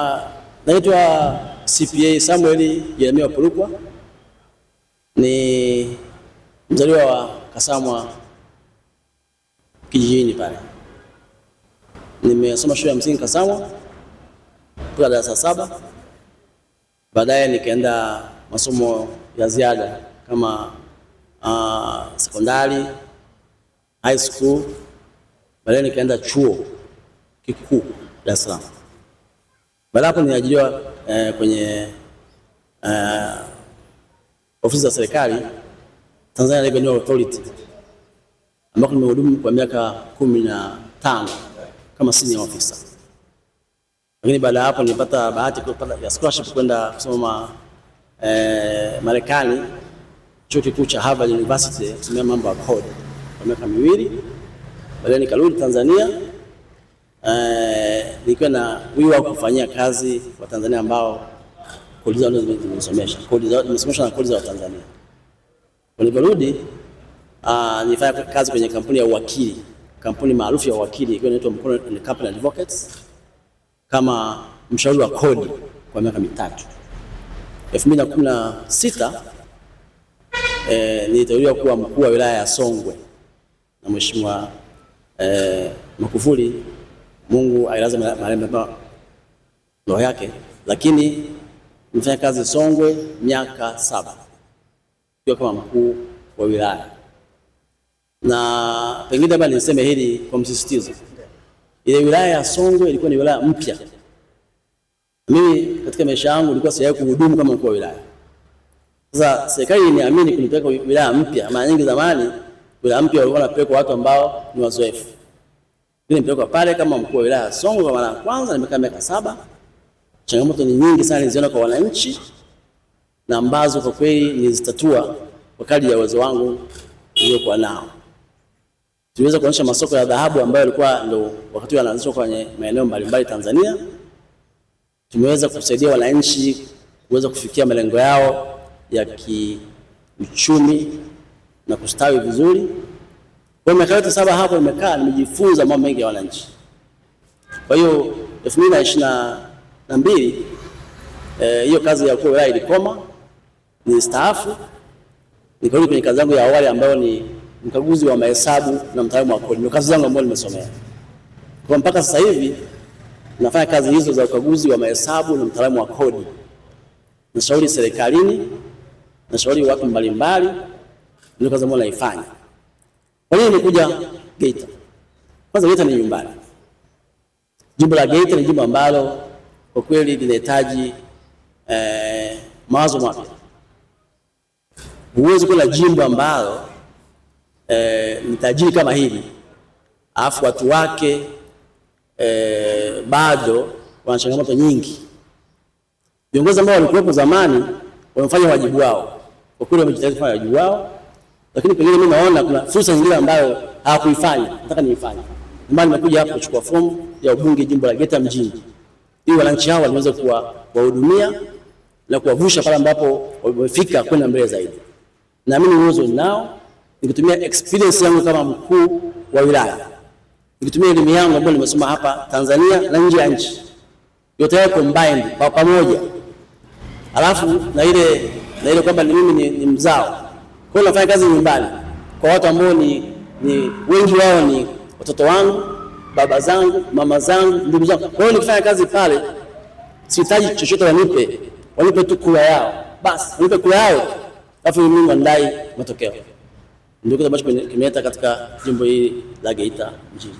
Uh, naitwa CPA Samuel Jeremia Pulukwa, ni mzaliwa wa Kasamwa kijijini pale. Nimesoma shule ya msingi Kasamwa mpaka darasa saba, baadaye nikaenda masomo ya ziada kama uh, sekondari, high school, baadaye nikaenda chuo kikuu Dar es Salaam. Baada hapo niliajiriwa eh, kwenye eh, ofisi za serikali Tanzania Revenue Authority ambako nimehudumu kwa miaka kumi na tano kama senior officer. Lakini baada hapo nilipata bahati ya scholarship kwenda kusoma eh, Marekani chuo kikuu cha Harvard University kusomea mambo ya code kwa miaka miwili. Baadaye nikarudi Tanzania eh, nikiwa na wiwa kufanyia kazi Watanzania ambao kodi zao nimesomesha kodi zao nimesomesha na kodi za Watanzania. Niliporudi ah, nilifanya kazi kwenye kampuni ya uwakili, kampuni maarufu ya uwakili ikiwa inaitwa Mkono and Company Advocates kama mshauri wa kodi kwa miaka mitatu. 2016 eh, niliteuliwa kuwa mkuu wa wilaya ya Songwe na Mheshimiwa eh, Magufuli Mungu ailaze mahali pema roho yake, lakini mfanya kazi Songwe miaka saba ikiwa kama mkuu wa wilaya, na pengine labda niseme hili kwa msisitizo, ile wilaya ya Songwe ilikuwa ni wilaya mpya. Mimi katika maisha yangu nilikuwa sijawahi kuhudumu kama mkuu wa wilaya. Sasa serikali iniamini kunipeleka wilaya mpya. Mara nyingi zamani wilaya mpya walikuwa wanapelekwa watu ambao ni wazoefu Nimetoka pale kama mkuu wa wilaya Songwe kwa mara ya kwanza, nimekaa miaka saba. Changamoto ni nyingi sana niliziona kwa wananchi na ambazo kwa kweli nilizitatua kwa kadri ya uwezo wangu niliokuwa nao. Tuliweza kuonyesha masoko ya dhahabu ambayo yalikuwa ndio wakati yanaanzishwa kwenye maeneo mbalimbali Tanzania. Tumeweza kusaidia wananchi kuweza kufikia malengo yao ya kiuchumi na kustawi vizuri. Kwa miaka yote saba hapo nimekaa nimejifunza mambo mengi ya wananchi. Kwa hiyo 2022 eh, hiyo kazi ya kuwa wilaya ilikoma, ni staafu nikarudi kwenye kazi yangu ya awali ambayo ni mkaguzi wa mahesabu na mtaalamu wa kodi. Ndio kazi zangu ambayo nimesomea. Kwa mpaka sasa hivi nafanya kazi hizo za ukaguzi wa mahesabu na mtaalamu wa kodi. Nashauri serikalini, nashauri watu mbalimbali, ndio kazi ambayo naifanya. Kwa hiyo nilikuja Geita. Kwanza Geita ni nyumbani. Jimbo la Geita ni jimbo ambalo kwa kweli linahitaji eh, mawazo mapya. Huwezi kuwa na jimbo ambalo eh, ni tajiri kama hili alafu watu wake eh, bado wana changamoto nyingi. Viongozi ambao walikuwepo zamani wamefanya wajibu wao, kwa kweli wamejitahidi kufanya wajibu wao lakini pengine mimi naona kuna fursa nyingine ambayo hawakuifanya, nataka niifanye. Ndio maana nimekuja hapa kuchukua fomu ya ubunge jimbo la Geita mjini, ili wananchi hao waliweza kuwahudumia na kuwavusha pale ambapo wamefika kwenda mbele zaidi. Naamini uwezo ninao, nikitumia experience yangu kama mkuu wa wilaya, nikitumia elimu yangu ambayo nimesoma hapa Tanzania na nje ya nchi, yote yao combined kwa pamoja, alafu na ile na ile kwamba ni mimi ni, ni mzao kwa hiyo nafanya kazi nyumbani kwa watu ambao ni, ni wengi wao ni watoto wangu, baba zangu, mama zangu, ndugu zangu. Kwa hiyo nikifanya kazi pale sihitaji chochote, wanipe wanipe tu kula yao basi, wanipe kula yao, alafu mimi wandai matokeo. Ndio kitu ambacho kimeleta katika jimbo hili la Geita mjini.